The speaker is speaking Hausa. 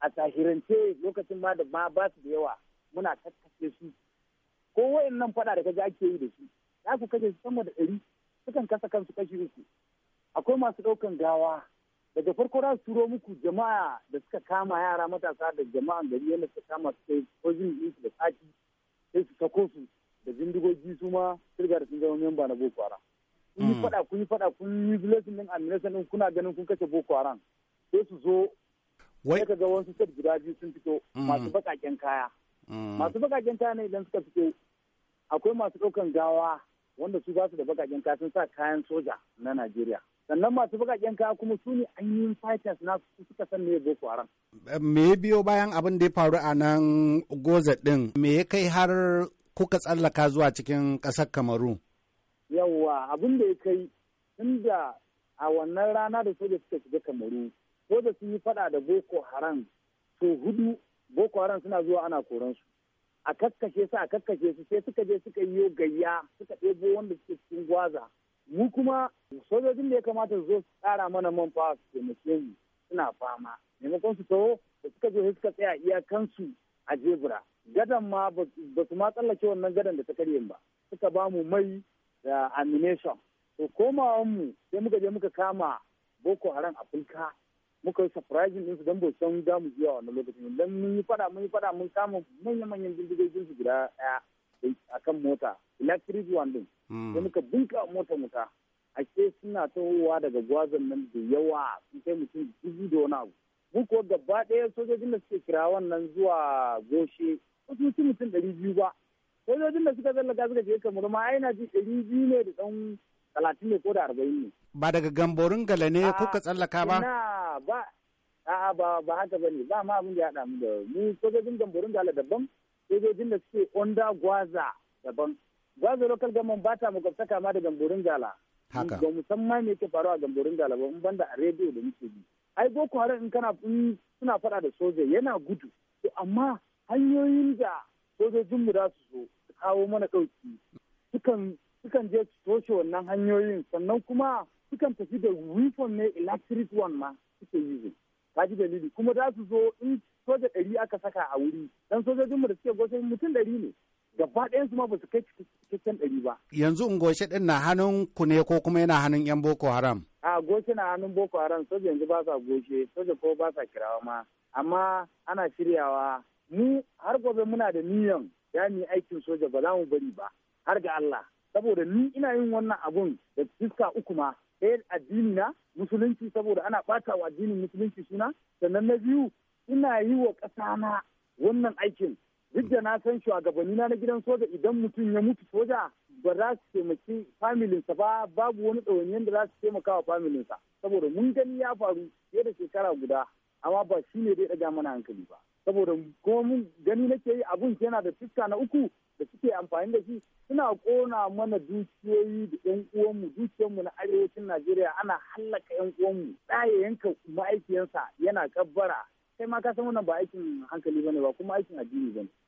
a tahirance lokacin ma da ma ba su da yawa muna kakkace su ko nan fada da kaji ake yi da su za ku kashe su sama da ɗari sukan kasa kansu kashi uku akwai masu ɗaukan gawa daga farko za su turo muku jama'a da suka kama yara matasa da jama'an gari yadda suka kama su kai kojin ɗinsu da tsaki sai su sako su da jindigogi su ma sirga da sun zama memba na boko haram kun yi hmm. fada kun yi fada kun yi blessing din amination sanin kuna ganin kun kashe boko haram sai su zo wai ga wasu set guda biyu sun fito mm. masu bakaken kaya mm. masu bakaken kaya ne idan suka fito akwai masu ɗaukan gawa wanda su basu da bakaken kaya sun sa kayan soja na Najeriya sannan masu bakaken kaya kuma su ne ainihin fighters na su suka san me Boko Haram me biyo bayan abin da ya faru a nan goza din me ya kai har kuka tsallaka zuwa cikin ƙasar Kamaru yawwa abin da ya kai tunda a wannan rana da soja suka shiga Kamaru ko da sun yi fada da boko haram to hudu boko haram suna zuwa ana koransu a kakkashe su a kakkashe su sai suka je suka yi gayya suka ɗebo wanda suke cikin gwaza mu kuma sojojin da ya kamata su zo su tsara mana man fa su taimake mu suna fama maimakon su taho da suka zo suka tsaya iyakansu a jebura gadan ma ba su ma tsallake wannan gadan da ta karye ba suka ba mu mai da amination to komawan mu sai muka je muka kama boko haram a fulka muka yi surprising din su don bai san za mu biya lokacin don mun yi fada mun yi fada mun kama manya-manyan bindigogin su guda daya a kan mota electric one din hmm. sai muka bunka mota muka ake suna tahowa daga gwazon nan da yawa sun kai mutum dubu da wani abu mun ko gaba ɗaya sojojin da suke kira wannan zuwa goshe wasu mutum mutum ɗari biyu ba sojojin da suka zalla suka je kamar ma ai na ji ɗari biyu ne da ɗan talatin ne ko da arba'in ne ba daga gamborin gala ne kuka tsallaka ba? ba, a'a ba ba haka ba ne, ba ma abin da ya haɗa mu da mu sojojin gamborin gala daban, sojojin da suke onda gwaza daban. Gwaza local government ba ta mugabta kama da gamborin gala. Haka. Ba musamman me yake faruwa a gamborin gala ba, mun banda a rediyo da muke bi. Ai Boko Haram in kana in suna faɗa da soja yana gudu, to amma hanyoyin da sojojinmu za su zo su kawo mana kauci Sukan sukan je su toshe wannan hanyoyin sannan kuma sukan tafi da weapon ne electric one ma suke yi ka ji dalili kuma za su zo in soja ɗari aka saka a wuri dan sojojinmu da suke goshe mutum ɗari ne gaba ɗayan su ma ba su kai cikakken ɗari ba. Yanzu in goshe ɗin na hannun ku ne ko kuma yana hannun 'yan Boko Haram? A goshe na hannun Boko Haram soja yanzu ba sa goshe soja ko ba sa kirawa ma amma ana shiryawa mu har gobe muna da niyan ya aikin soja ba za mu bari ba har ga Allah. saboda ni ina yin wannan abun da fiska uku ma ɗaya addini na musulunci saboda ana ɓata wa addinin musulunci suna sannan na biyu ina yi wa ƙasa na wannan aikin duk da na san shugabanni na na gidan soja idan mutum ya mutu soja ba za su taimaki familinsa ba babu wani tsawon da za su taimaka wa familinsa saboda mun gani ya faru fiye da shekara guda amma ba shi ne dai ɗaga mana hankali ba saboda ko mun gani nake yi abun yana da fuska na uku da suke amfani da shi suna kona mana dukiyoyi da yan uwanmu dukiyanmu na arewacin najeriya ana hallaka yan uwanmu ɗaya yanka ma'aikiyansa yana kabbara sai ma ka san wannan ba aikin hankali bane ba kuma aikin addini bane